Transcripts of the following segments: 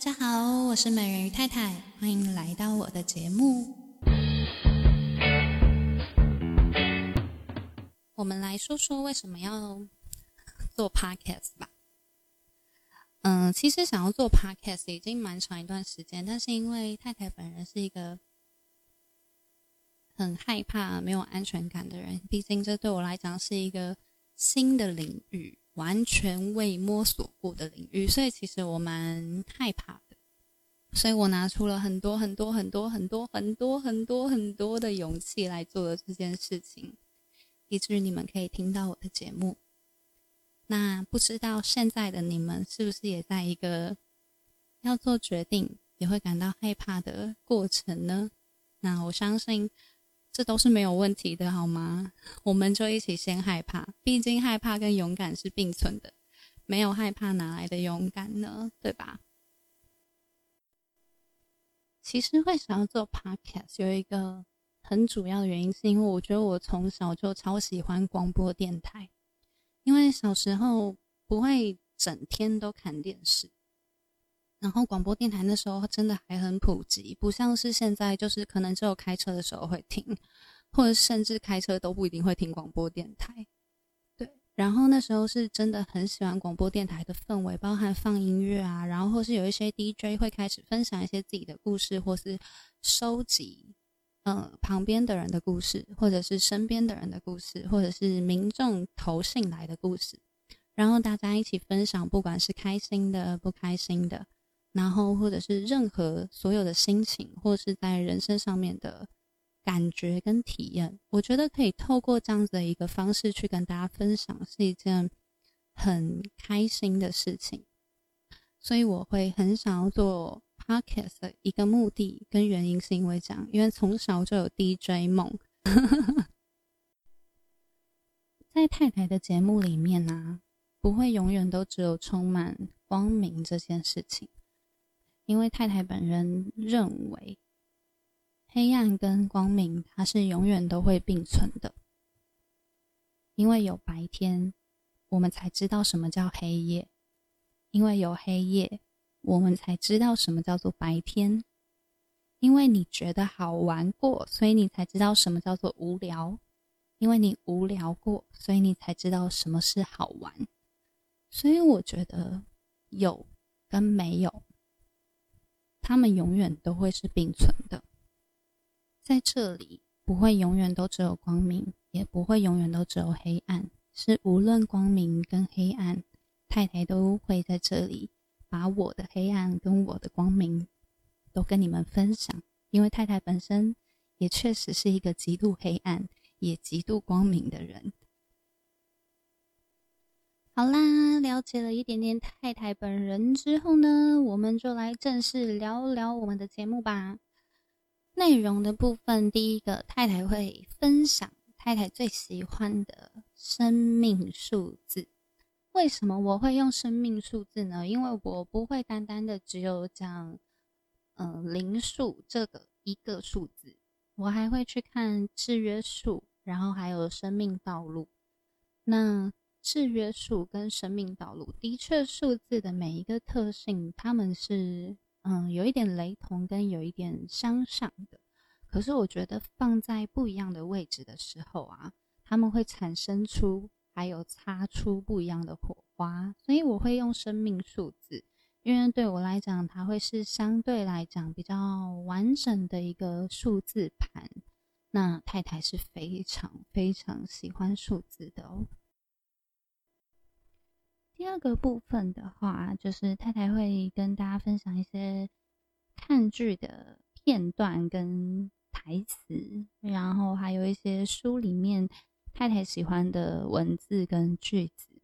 大家好，我是美人魚太太，歡迎來到我的節目。我們來說說為什麼要做 Podcast 吧。嗯，其實想要做 Podcast 已經蠻長一段時間，但是因為太太本人是一個很害怕，沒有安全感的人，畢竟這對我來講是一個新的領域。完全未摸索過的領域，所以其實我蠻害怕的，所以我拿出了很多很多很多很多很多很多很多很多的勇氣來做了這件事情，以至於你們可以聽到我的節目。那不知道現在的你們是不是也在一個要做決定也會感到害怕的過程呢？那我相信。這都是沒有問題的，好嗎？我們就一起先害怕，畢竟害怕跟勇敢是並存的，沒有害怕哪來的勇敢呢？對吧？其實會想要做 Podcast，有一個很主要的原因，是因為我覺得我從小就超喜歡廣播電台，因為小時候不會整天都看電視。然後廣播電臺那時候真的還很普及，不像是現在，就是可能只有開車的時候會聽，或者甚至開車都不一定會聽廣播電臺。對，然後那時候是真的很喜歡廣播電臺的氛圍，包含放音樂啊，然後或是有一些 DJ 會開始分享一些自己的故事，或是收集嗯、呃、旁邊的人的故事，或者是身邊的人的故事，或者是民眾投信來的故事，然後大家一起分享，不管是開心的、不開心的。然後，或者是任何所有的心情，或是在人生上面的感覺跟體驗，我覺得可以透過這樣子的一個方式去跟大家分享，是一件很開心的事情。所以，我會很想要做 podcast 的一個目的跟原因，是因為這樣，因為從小就有 DJ 夢。 在太太的節目裡面呢、啊，不會永遠都只有充滿光明這件事情。因為太太本人認為，黑暗跟光明，它是永遠都會並存的。因為有白天，我們才知道什麼叫黑夜；因為有黑夜，我們才知道什麼叫做白天；因為你覺得好玩過，所以你才知道什麼叫做無聊；因為你無聊過，所以你才知道什麼是好玩。所以，我覺得有跟沒有。他們永遠都會是並存的，在這裡不會永遠都只有光明，也不會永遠都只有黑暗。是無論光明跟黑暗，太太都會在這裡把我的黑暗跟我的光明都跟你們分享，因為太太本身也確實是一個極度黑暗也極度光明的人。好啦，了解了一點點太太本人之後呢，我們就來正式聊聊我們的節目吧。內容的部分，第一個，太太會分享太太最喜歡的生命數字。為什麼我會用生命數字呢？因為我不會單單的只有講，嗯、呃，靈數這個一個數字，我還會去看制約數，然後還有生命道路。那。制約數跟生命道路的確，數字的每一個特性，他們是嗯有一點雷同跟有一點相像的。可是我覺得放在不一樣的位置的時候啊，它們會產生出還有擦出不一樣的火花。所以我會用生命數字，因為對我來講，它會是相對來講比較完整的一個數字盤。那太太是非常非常喜歡數字的哦。第二個部分的話，就是太太會跟大家分享一些看劇的片段跟台詞，然後還有一些書裡面太太喜歡的文字跟句子。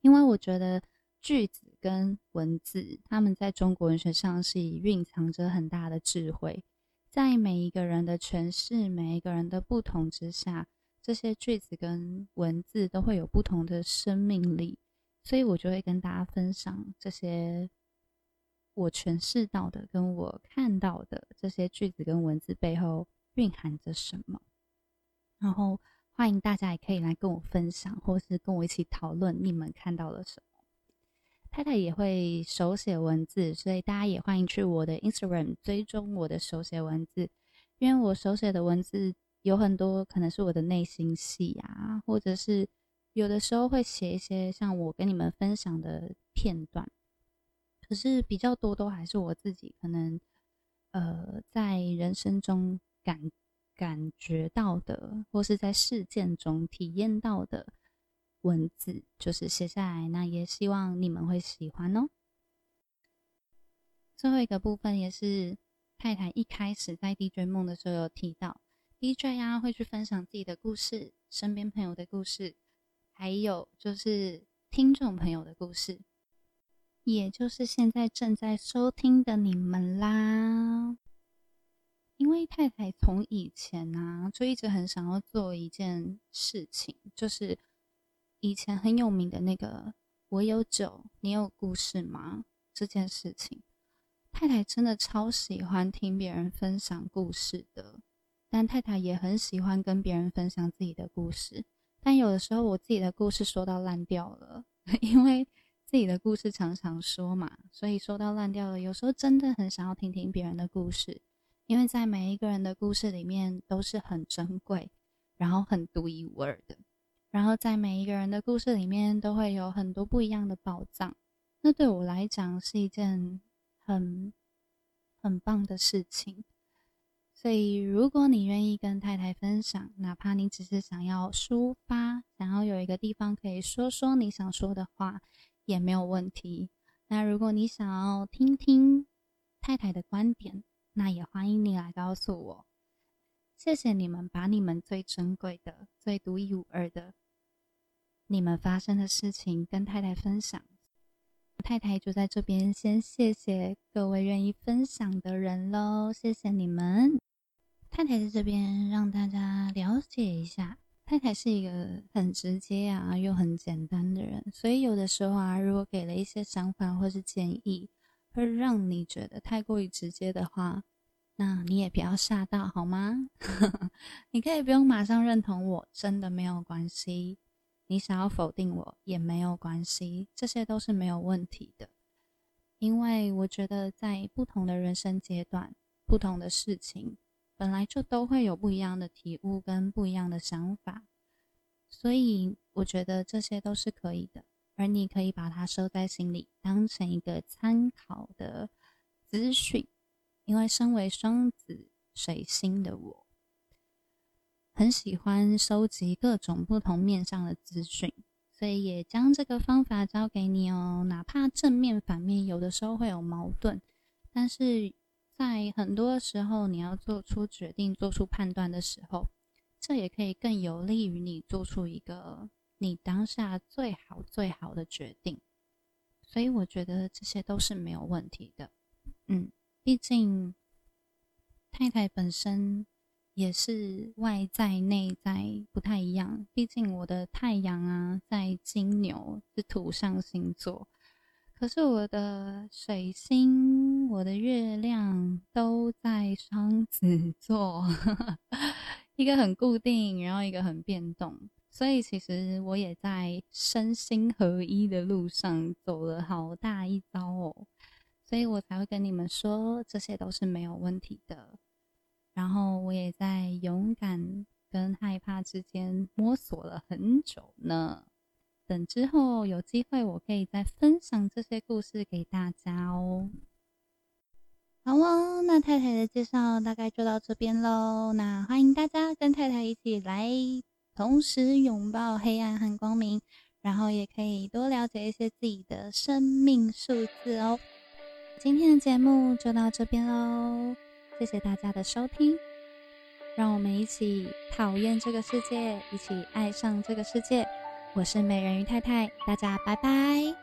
因為我覺得句子跟文字，他們在中國文學上是蘊藏着很大的智慧，在每一個人的詮釋、每一個人的不同之下，這些句子跟文字都會有不同的生命力。所以，我就會跟大家分享這些我詮釋到的、跟我看到的這些句子跟文字背後蘊含着什麼。然後，歡迎大家也可以來跟我分享，或是跟我一起討論你們看到了什麼。太太也會手寫文字，所以大家也歡迎去我的 Instagram 追蹤我的手寫文字，因為我手寫的文字有很多可能是我的內心戲啊，或者是。有的時候會寫一些像我跟你們分享的片段，可是比較多都還是我自己可能呃在人生中感感覺到的，或是在事件中體驗到的文字，就是寫下來。那也希望你們會喜歡哦。最後一個部分也是太太一開始在 DJ 夢的時候有提到 DJ 啊，會去分享自己的故事，身邊朋友的故事。還有就是聽眾朋友的故事，也就是現在正在收聽的你們啦。因為太太從以前啊就一直很想要做一件事情，就是以前很有名的那個“我有酒，你有故事嗎”這件事情。太太真的超喜歡聽別人分享故事的，但太太也很喜歡跟別人分享自己的故事。但有的時候，我自己的故事說到爛掉了，因為自己的故事常常說嘛，所以說到爛掉了。有時候真的很想要聽聽別人的故事，因為在每一個人的故事裡面都是很珍貴，然後很獨一無二的。然後在每一個人的故事裡面都會有很多不一樣的寶藏，那對我來講是一件很很棒的事情。所以，如果你願意跟太太分享，哪怕你只是想要抒發，想要有一個地方可以說說你想說的話，也沒有問題。那如果你想要聽聽太太的觀點，那也歡迎你來告訴我。謝謝你們把你們最珍貴的、最獨一無二的你們發生的事情跟太太分享。太太就在這邊先謝謝各位願意分享的人嘍，謝謝你們。太太在這邊讓大家了解一下，太太是一個很直接啊又很簡單的人，所以有的時候啊，如果給了一些想法或是建議，會讓你覺得太過於直接的話，那你也不要嚇到好嗎？ 你可以不用馬上認同我，我真的沒有關係，你想要否定我也沒有關係，這些都是沒有問題的，因為我覺得在不同的人生階段，不同的事情。本來就都會有不一樣的體悟跟不一樣的想法，所以我覺得這些都是可以的，而你可以把它收在心裡，當成一個參考的資訊。因為身為雙子水星的我，很喜歡收集各種不同面向的資訊，所以也將這個方法教給你哦。哪怕正面反面有的時候會有矛盾，但是，在很多時候，你要做出決定、做出判斷的時候，這也可以更有利於你做出一個你當下最好、最好的決定。所以，我覺得這些都是沒有問題的。嗯，畢竟太太本身也是外在、內在不太一樣。畢竟我的太陽啊，在金牛是土象星座。可是我的水星，我的月亮都在雙子座， 一個很固定，然後一個很變動，所以其實我也在身心合一的路上走了好大一遭哦，所以我才會跟你們說這些都是沒有問題的。然後我也在勇敢跟害怕之間摸索了很久呢。等之後有機會，我可以再分享這些故事給大家哦。好哦，那太太的介紹大概就到這邊咯。那歡迎大家跟太太一起來，同時擁抱黑暗和光明，然後也可以多了解一些自己的生命數字哦。今天的節目就到這邊咯，謝謝大家的收聽。讓我們一起討厭這個世界，一起愛上這個世界。我是美人魚太太，大家拜拜。